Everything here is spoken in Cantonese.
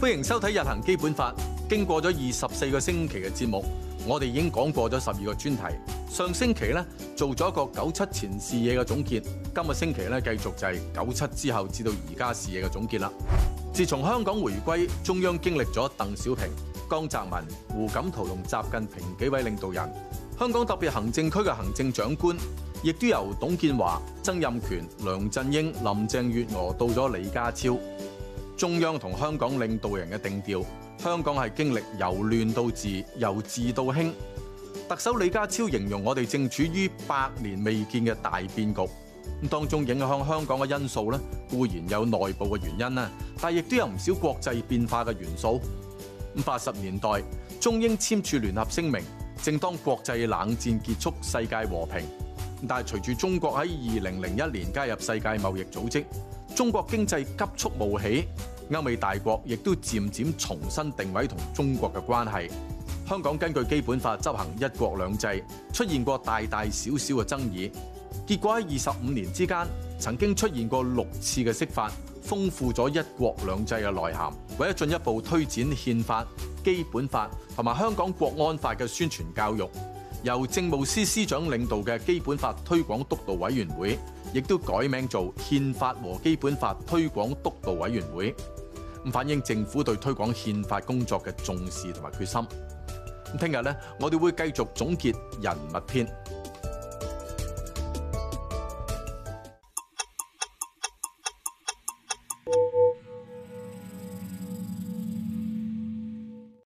歡迎收睇《日行基本法》。經過咗二十四個星期嘅節目，我哋已經講過咗十二個專題。上星期咧做咗一個九七前視野嘅總結，今個星期咧繼續就係九七之後至到而家視野嘅總結啦。自從香港回歸，中央經歷咗鄧小平、江澤民、胡錦濤同習近平幾位領導人，香港特別行政區嘅行政長官亦都由董建華、曾蔭權、梁振英、林鄭月娥到咗李家超。中央同香港領導人嘅定調，香港係經歷由亂到治，由治到興。特首李家超形容我哋正處於百年未見嘅大變局。咁當中影響香港嘅因素咧，固然有內部嘅原因啦，但亦都有唔少國際變化嘅元素。八十年代中英簽署聯合聲明，正當國際冷戰結束，世界和平。但係隨住中國喺二零零一年加入世界貿易組織。中國經濟急速冒起，歐美大國亦都漸漸重新定位同中國嘅關係。香港根據基本法執行一國兩制，出現過大大小小嘅爭議。結果喺二十五年之間，曾經出現過六次嘅釋法，豐富咗一國兩制嘅內涵。為咗進一步推展憲法、基本法同埋香港國安法嘅宣傳教育，由政務司司長領導嘅基本法推廣督導委員會。亦都改名做《憲法和基本法推廣督導委員會》，反映政府對推廣憲法工作嘅重視同埋決心。咁聽日咧，我哋會繼續總結人物篇。